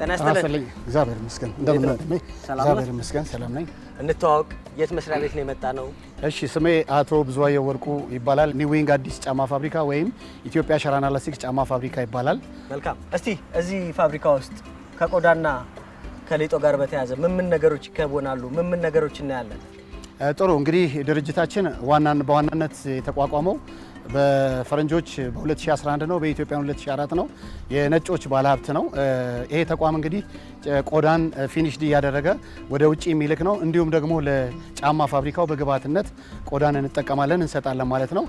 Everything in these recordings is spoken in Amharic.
ተናስተልኝ እግዚአብሔር ይመስገን እንደምን ነው? እግዚአብሔር ይመስገን ሰላም ነኝ። እንተዋወቅ፣ የት መስሪያ ቤት ነው የመጣ ነው? እሺ ስሜ አቶ ብዙአየሁ ወርቁ ይባላል። ኒዊንግ አዲስ ጫማ ፋብሪካ ወይም ኢትዮጵያ ሸራና ላስቲክ ጫማ ፋብሪካ ይባላል። መልካም። እስቲ እዚህ ፋብሪካ ውስጥ ከቆዳና ከሌጦ ጋር በተያያዘ ምን ምን ነገሮች ይከወናሉ? ምን ምን ነገሮች እናያለን? ጥሩ እንግዲህ ድርጅታችን ዋናን በዋናነት የተቋቋመው በፈረንጆች በ2011 ነው፣ በኢትዮጵያ 2004 ነው። የነጮች ባለሀብት ነው። ይሄ ተቋም እንግዲህ ቆዳን ፊኒሽድ እያደረገ ወደ ውጭ የሚልክ ነው። እንዲሁም ደግሞ ለጫማ ፋብሪካው በግብዓትነት ቆዳን እንጠቀማለን እንሰጣለን ማለት ነው።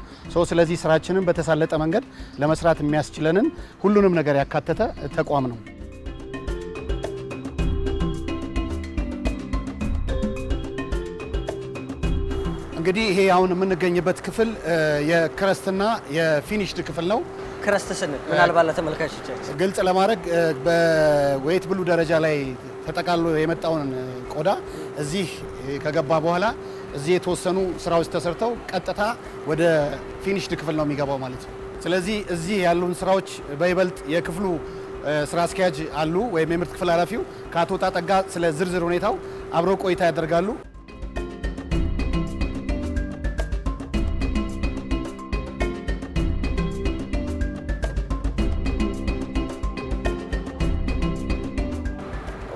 ስለዚህ ስራችንን በተሳለጠ መንገድ ለመስራት የሚያስችለንን ሁሉንም ነገር ያካተተ ተቋም ነው። እንግዲህ ይሄ አሁን የምንገኝበት ክፍል የክረስትና የፊኒሽድ ክፍል ነው። ክረስት ስንል ምናልባት ለተመልካቾቻችን ግልጽ ለማድረግ በዌት ብሉ ደረጃ ላይ ተጠቃሎ የመጣውን ቆዳ እዚህ ከገባ በኋላ እዚህ የተወሰኑ ስራዎች ተሰርተው ቀጥታ ወደ ፊኒሽድ ክፍል ነው የሚገባው ማለት ነው። ስለዚህ እዚህ ያሉን ስራዎች በይበልጥ የክፍሉ ስራ አስኪያጅ አሉ ወይም የምርት ክፍል ኃላፊው ከአቶ ጣጠጋ ስለ ዝርዝር ሁኔታው አብረው ቆይታ ያደርጋሉ።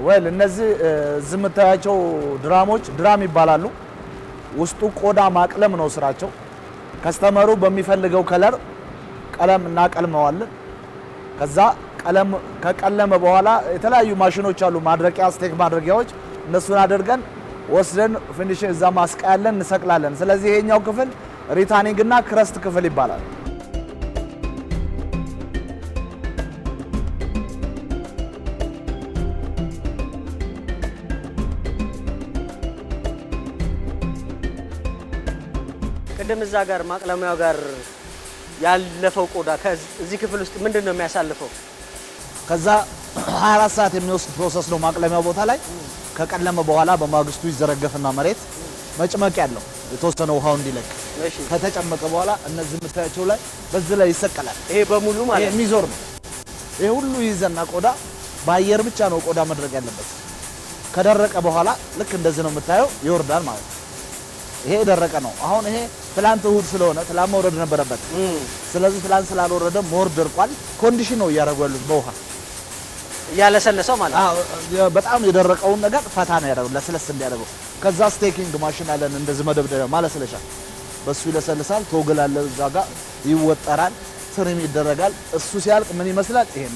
ወይል እነዚህ ዝምታያቸው ድራሞች ድራም ይባላሉ። ውስጡ ቆዳ ማቅለም ነው ስራቸው። ከስተመሩ በሚፈልገው ከለር ቀለም እናቀልመዋለን። ከዛ ቀለም ከቀለመ በኋላ የተለያዩ ማሽኖች አሉ፣ ማድረቂያ ስቴክ ማድረጊያዎች፣ እነሱን አድርገን ወስደን ፊኒሽ እዛ ማስቀያለን፣ እንሰቅላለን። ስለዚህ ይሄኛው ክፍል ሪታኒንግ እና ክረስት ክፍል ይባላል። ቅድም እዛ ጋር ማቅለሚያ ጋር ያለፈው ቆዳ እዚህ ክፍል ውስጥ ምንድን ነው የሚያሳልፈው? ከዛ 24 ሰዓት የሚወስድ ፕሮሰስ ነው። ማቅለሚያው ቦታ ላይ ከቀለመ በኋላ በማግስቱ ይዘረገፍና መሬት መጭመቅ ያለው የተወሰነ ውሃው እንዲለቅ ከተጨመቀ በኋላ እነዚህ የምታያቸው ላይ በዚህ ላይ ይሰቀላል። ይሄ በሙሉ ማለት የሚዞር ነው። ይሄ ሁሉ ይዘና ቆዳ በአየር ብቻ ነው ቆዳ መድረቅ ያለበት። ከደረቀ በኋላ ልክ እንደዚህ ነው የምታየው፣ ይወርዳል ማለት ነው። ይሄ የደረቀ ነው። አሁን ይሄ ትላንት እሁድ ስለሆነ ትላንት መውረድ ነበረበት። ስለዚህ ትላንት ስላልወረደ ሞር ደርቋል። ኮንዲሽን ነው እያደረጉ ያሉት በውሃ እያለሰለሰው ማለት ነው። በጣም የደረቀውን ነገር ፈታ ነው ያደረገው ለስለስ እንዲያደርገው። ከዛ ስቴኪንግ ማሽን አለን እንደዚህ መደብደቢያ ማለስለሻ፣ በሱ ይለሰልሳል። ቶግል አለ እዛ ጋር ይወጠራል፣ ትሪም ይደረጋል። እሱ ሲያልቅ ምን ይመስላል? ይሄን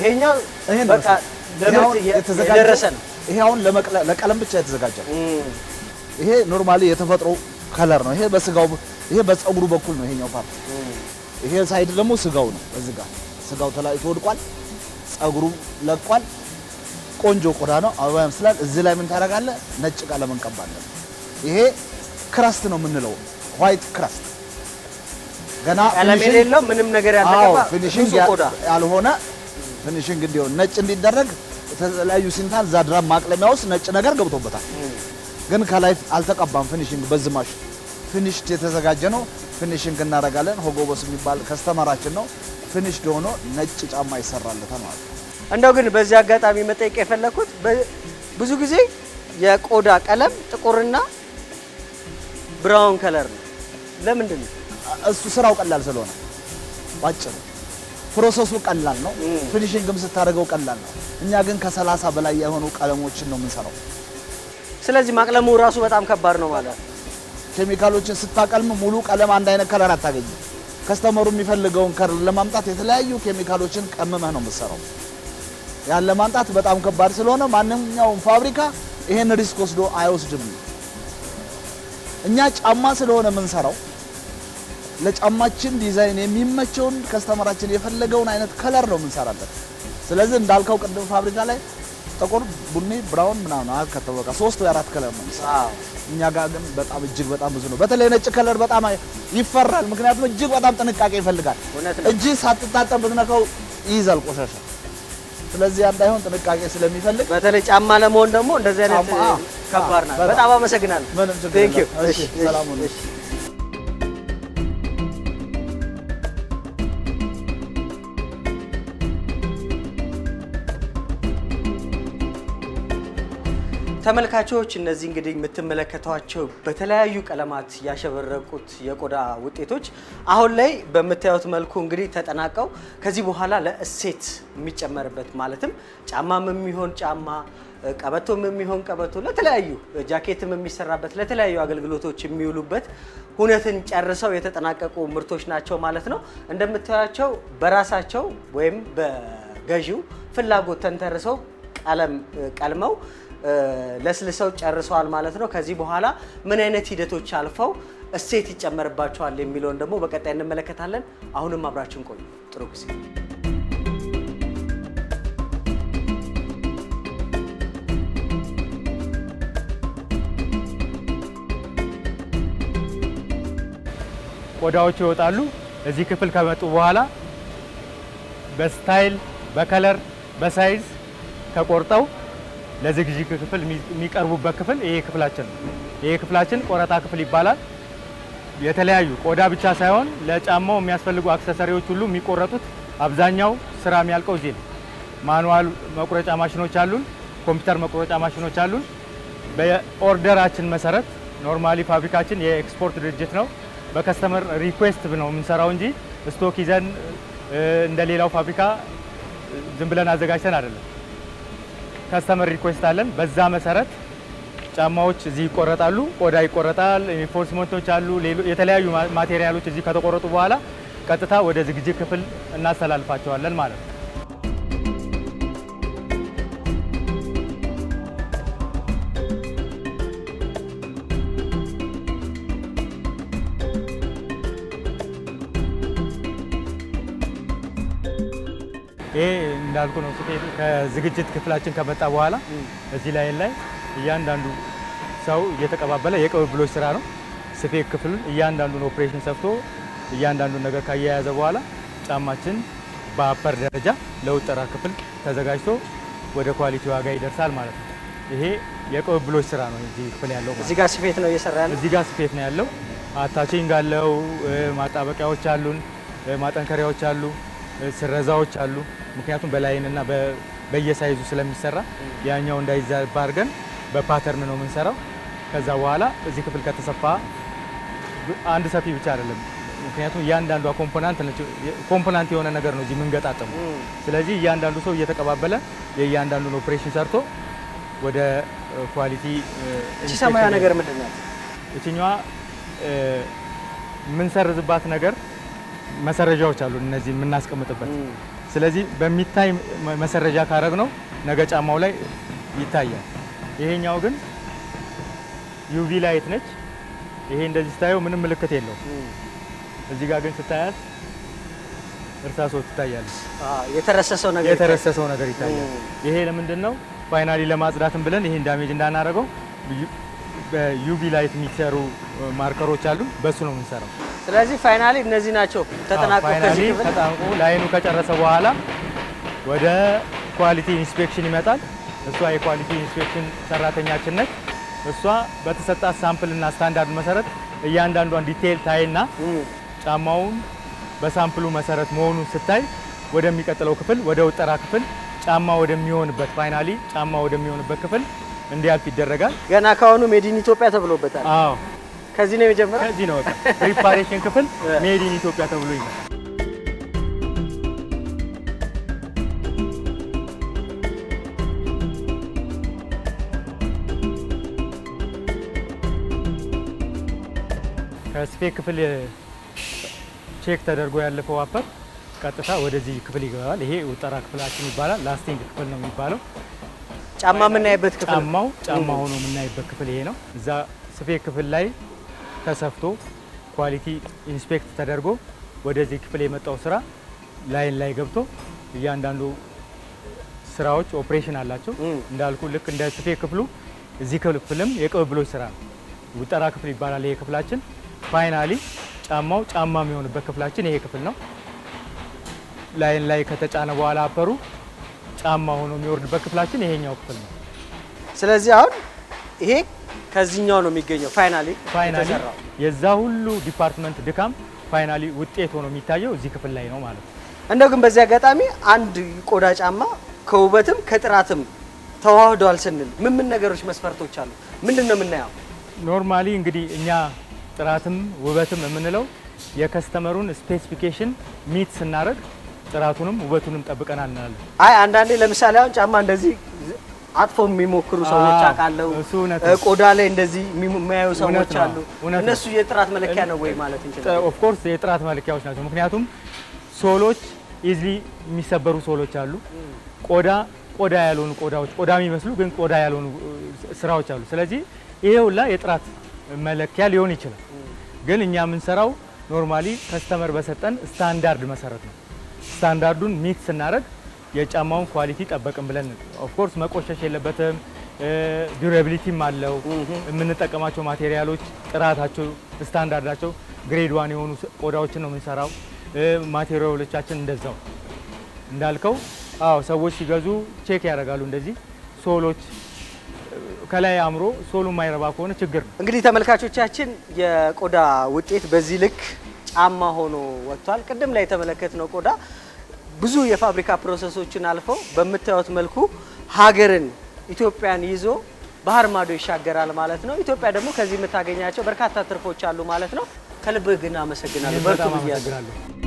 ይሄኛው ይሄን በቃ የተዘጋጀ ነው። ይሄ አሁን ለቀለም ብቻ የተዘጋጀ ይሄ ኖርማሊ የተፈጥሮ ከለር ነው። ይሄ በስጋው ይሄ በፀጉሩ በኩል ነው ይሄኛው ፓርት። ይሄ ሳይድ ደግሞ ስጋው ነው። እዚህ ጋር ስጋው ተላይቶ ወድቋል። ፀጉሩ ለቋል። ቆንጆ ቆዳ ነው። አበባ ይመስላል። እዚህ ላይ ምን ታደርጋለህ? ነጭ ቀለም እንቀባለን። ይሄ ክራስት ነው የምንለው፣ ዋይት ክራስት ገና ቀለም የሌለው ምንም ነገር ያልተቀባ ፊኒሽንግ ያልሆነ ፊኒሽንግ እንዲሆን ነጭ እንዲደረግ የተለያዩ ሲንታል ዛድራ ማቅለሚያ ውስጥ ነጭ ነገር ገብቶበታል። ግን ከላይ አልተቀባም። ፊኒሽንግ በዝማሽ ፊኒሽድ የተዘጋጀ ነው። ፊኒሽንግ እናደርጋለን። ሆጎቦስ የሚባል ከስተመራችን ነው። ፊኒሽድ ሆኖ ነጭ ጫማ ይሰራለታል ማለት ነው። እንደው ግን በዚህ አጋጣሚ መጠየቅ የፈለግኩት ብዙ ጊዜ የቆዳ ቀለም ጥቁርና ብራውን ከለር ነው። ለምንድን ነው እሱ? ስራው ቀላል ስለሆነ ባጭሩ ፕሮሰሱ ቀላል ነው። ፊኒሽንግም ስታደርገው ቀላል ነው። እኛ ግን ከሰላሳ በላይ የሆኑ ቀለሞችን ነው የምንሰራው። ስለዚህ ማቅለሙ ራሱ በጣም ከባድ ነው ማለት ነው። ኬሚካሎችን ስታቀልም ሙሉ ቀለም አንድ አይነት ከለር አታገኝ። ከስተመሩ የሚፈልገውን ከለር ለማምጣት የተለያዩ ኬሚካሎችን ቀምመህ ነው የምትሰራው። ያን ለማምጣት በጣም ከባድ ስለሆነ ማንኛውም ፋብሪካ ይሄን ሪስክ ወስዶ አይወስድም። እኛ ጫማ ስለሆነ የምንሰራው ለጫማችን ዲዛይን የሚመቸውን ከስተመራችን የፈለገውን አይነት ከለር ነው የምንሰራበት። ስለዚህ እንዳልከው ቅድም ፋብሪካ ላይ ጥቁር፣ ቡኒ፣ ብራውን ምናምን አራት ከተበቃ ሶስት ወይ አራት ከለር ነው የሚሰራው። እኛ ጋር ግን በጣም እጅግ በጣም ብዙ ነው። በተለይ ነጭ ከለር በጣም ይፈራል። ምክንያቱም እጅግ በጣም ጥንቃቄ ይፈልጋል። እጅ ሳትታጠብ ብትነካው ይይዛል ቆሻሻ። ስለዚህ እንዳይሆን ጥንቃቄ ስለሚፈልግ በተለይ ጫማ ለመሆን ደግሞ እንደዚህ አይነት ከባድ ናት። በጣም አመሰግናለሁ። ምንም ችግር የለም። እሺ፣ ሰላም ሁኑ። ተመልካቾች እነዚህ እንግዲህ የምትመለከቷቸው በተለያዩ ቀለማት ያሸበረቁት የቆዳ ውጤቶች አሁን ላይ በምታዩት መልኩ እንግዲህ ተጠናቀው ከዚህ በኋላ ለእሴት የሚጨመርበት ማለትም ጫማም የሚሆን ጫማ ቀበቶም የሚሆን ቀበቶ ለተለያዩ ጃኬትም የሚሰራበት ለተለያዩ አገልግሎቶች የሚውሉበት ሁነትን ጨርሰው የተጠናቀቁ ምርቶች ናቸው ማለት ነው። እንደምታያቸው በራሳቸው ወይም በገዢው ፍላጎት ተንተርሰው ቀለም ቀልመው ለስልሰው ጨርሰዋል ማለት ነው። ከዚህ በኋላ ምን አይነት ሂደቶች አልፈው እሴት ይጨመርባቸዋል የሚለውን ደግሞ በቀጣይ እንመለከታለን። አሁንም አብራችን ቆዩ። ጥሩ ጊዜ። ቆዳዎቹ ይወጣሉ። እዚህ ክፍል ከመጡ በኋላ በስታይል፣ በከለር፣ በሳይዝ ተቆርጠው ለዝግጅት ክፍል የሚቀርቡበት ክፍል ይሄ ክፍላችን ነው። ይሄ ክፍላችን ቆረጣ ክፍል ይባላል። የተለያዩ ቆዳ ብቻ ሳይሆን ለጫማው የሚያስፈልጉ አክሰሰሪዎች ሁሉ የሚቆረጡት አብዛኛው ስራ የሚያልቀው እዚህ ነው። ማኑዋል መቁረጫ ማሽኖች አሉን፣ ኮምፒውተር መቁረጫ ማሽኖች አሉን። በኦርደራችን መሰረት ኖርማሊ ፋብሪካችን የኤክስፖርት ድርጅት ነው። በከስተመር ሪኩዌስት ነው የምንሰራው እንጂ ስቶክ ይዘን እንደሌላው ፋብሪካ ዝም ብለን አዘጋጅተን አይደለም። ከስተመር ሪኩዌስት አለን። በዛ መሰረት ጫማዎች እዚህ ይቆረጣሉ። ቆዳ ይቆረጣል። ኢንፎርስመንቶች አሉ። የተለያዩ ማቴሪያሎች እዚህ ከተቆረጡ በኋላ ቀጥታ ወደ ዝግጅት ክፍል እናስተላልፋቸዋለን ማለት ነው። ይሄ እንዳልኩ ነው። ከዝግጅት ክፍላችን ከመጣ በኋላ እዚህ ላይ ላይ እያንዳንዱ ሰው እየተቀባበለ የቅብብሎች ስራ ነው። ስፌት ክፍሉን እያንዳንዱን ኦፕሬሽን ሰፍቶ እያንዳንዱን ነገር ካያያዘ በኋላ ጫማችን በአፐር ደረጃ ለውጠራ ክፍል ተዘጋጅቶ ወደ ኳሊቲ ዋጋ ይደርሳል ማለት ነው። ይሄ የቅብብሎች ስራ ነው። እዚህ ክፍል ያለው እዚህ ጋር ስፌት ነው እየሰራ ያለው። እዚህ ጋር ስፌት ነው ያለው። አታችንግ አለው። ማጣበቂያዎች አሉን። ማጠንከሪያዎች አሉ። ስረዛዎች አሉ። ምክንያቱም በላይንና በየሳይዙ ስለሚሰራ ያኛው እንዳይዛባ አድርገን በፓተርን ነው የምንሰራው። ከዛ በኋላ እዚህ ክፍል ከተሰፋ አንድ ሰፊ ብቻ አይደለም። ምክንያቱም እያንዳንዷ ኮምፖናንት ኮምፖናንት የሆነ ነገር ነው እዚህ የምንገጣጠሙ። ስለዚህ እያንዳንዱ ሰው እየተቀባበለ የእያንዳንዱን ኦፕሬሽን ሰርቶ ወደ ኳሊቲ። እቺ ሰማያ ነገር ምንድን ናት? እችኛዋ የምንሰርዝባት ነገር መሰረጃዎች አሉ እነዚህ የምናስቀምጥበት። ስለዚህ በሚታይ መሰረጃ ካረግ ነው ነገ ጫማው ላይ ይታያል። ይሄኛው ግን ዩቪ ላይት ነች። ይሄ እንደዚህ ስታየው ምንም ምልክት የለው። እዚህ ጋር ግን ስታያት እርሳሶ ይታያሉ። የተረሰሰው ነገር የተረሰሰው ነገር ይታያል። ይሄ ለምንድን ነው ፋይናሊ ለማጽዳትም ብለን ይሄን ዳሜጅ እንዳናደርገው በዩቪ ላይት የሚሰሩ ማርከሮች አሉ። በሱ ነው የምንሰራው። ስለዚህ ፋይናሊ እነዚህ ናቸው ተጠናቀው ላይኑ ከጨረሰ በኋላ ወደ ኳሊቲ ኢንስፔክሽን ይመጣል። እሷ የኳሊቲ ኢንስፔክሽን ሰራተኛችን ነች። እሷ በተሰጣት ሳምፕል እና ስታንዳርድ መሰረት እያንዳንዷን ዲቴይል ታይና ጫማውን በሳምፕሉ መሰረት መሆኑን ስታይ ወደሚቀጥለው ክፍል ወደ ውጠራ ክፍል ጫማ ወደሚሆንበት ፋይናሊ ጫማ ወደሚሆንበት ክፍል እንዲያልፍ ይደረጋል። ገና ካሁኑ ሜዲን ኢትዮጵያ ተብሎበታል። አዎ ከዚህ ነው የጀመረው። ከዚህ ነው በቃ ሪፓሬሽን ክፍል ሜድ ኢን ኢትዮጵያ ተብሎ ይመጣል። ከስፌ ክፍል ቼክ ተደርጎ ያለፈው አፐር ቀጥታ ወደዚህ ክፍል ይገባል። ይሄ ውጠራ ክፍላችን ይባላል። ላስቲንግ ክፍል ነው የሚባለው። ጫማ የምናይበት ክፍል ጫማው ጫማ ሆኖ የምናይበት ክፍል ይሄ ነው። እዛ ስፌ ክፍል ላይ ተሰፍቶ ኳሊቲ ኢንስፔክት ተደርጎ ወደዚህ ክፍል የመጣው ስራ ላይን ላይ ገብቶ እያንዳንዱ ስራዎች ኦፕሬሽን አላቸው። እንዳልኩ ልክ እንደ ስፌ ክፍሉ እዚህ ክፍልም የቅብብሎች ስራ ነው። ውጠራ ክፍል ይባላል ይሄ ክፍላችን። ፋይናሊ ጫማው ጫማ የሚሆንበት ክፍላችን ይሄ ክፍል ነው። ላይን ላይ ከተጫነ በኋላ አፈሩ ጫማ ሆኖ የሚወርድበት ክፍላችን ይሄኛው ክፍል ነው። ስለዚህ አሁን ይሄ ከዚህኛው ነው የሚገኘው። ፋይናሊ ፋይናሊ የዛ ሁሉ ዲፓርትመንት ድካም ፋይናሊ ውጤት ሆኖ የሚታየው እዚህ ክፍል ላይ ነው ማለት ነው። እንደው ግን በዚህ አጋጣሚ አንድ ቆዳ ጫማ ከውበትም ከጥራትም ተዋህዷል ስንል ምን ምን ነገሮች መስፈርቶች አሉ? ምንድን ነው የምናየው? ኖርማሊ እንግዲህ እኛ ጥራትም ውበትም የምንለው የከስተመሩን ስፔሲፊኬሽን ሚት ስናደርግ ጥራቱንም ውበቱንም ጠብቀናል እንላለን። አይ አንዳንዴ ለምሳሌ አሁን ጫማ እንደዚህ አጥፎ የሚሞክሩ ሰዎች አውቃለሁ። ቆዳ ላይ እንደዚህ የሚያዩ ሰዎች አሉ። እነሱ የጥራት መለኪያ ነው ወይ ማለት እንችላለን? ኦፍ ኮርስ የጥራት መለኪያዎች ናቸው። ምክንያቱም ሶሎች ኢዝሊ የሚሰበሩ ሶሎች አሉ። ቆዳ ቆዳ ያልሆኑ ቆዳዎች ቆዳ የሚመስሉ ግን ቆዳ ያልሆኑ ስራዎች አሉ። ስለዚህ ይሄ ሁላ የጥራት መለኪያ ሊሆን ይችላል። ግን እኛ የምንሰራው ኖርማሊ ከስተመር በሰጠን ስታንዳርድ መሰረት ነው። ስታንዳርዱን ሚት ስናደርግ የጫማውን ኳሊቲ ጠበቅም ብለን ኦፍኮርስ መቆሸሽ የለበትም። ዱራቢሊቲም አለው። የምንጠቀማቸው ማቴሪያሎች ጥራታቸው፣ ስታንዳርዳቸው ግሬድ ዋን የሆኑ ቆዳዎችን ነው የምንሰራው። ማቴሪያሎቻችን እንደዛው እንዳልከው። አዎ ሰዎች ሲገዙ ቼክ ያደርጋሉ። እንደዚህ ሶሎች ከላይ አምሮ ሶሉ የማይረባ ከሆነ ችግር ነው። እንግዲህ ተመልካቾቻችን የቆዳ ውጤት በዚህ ልክ ጫማ ሆኖ ወጥቷል። ቅድም ላይ የተመለከትነው ቆዳ ብዙ የፋብሪካ ፕሮሰሶችን አልፈው በምታዩት መልኩ ሀገርን ኢትዮጵያን ይዞ ባህር ማዶ ይሻገራል ማለት ነው። ኢትዮጵያ ደግሞ ከዚህ የምታገኛቸው በርካታ ትርፎች አሉ ማለት ነው። ከልብ ግን አመሰግናለሁ። በርቱ ብያለሁ።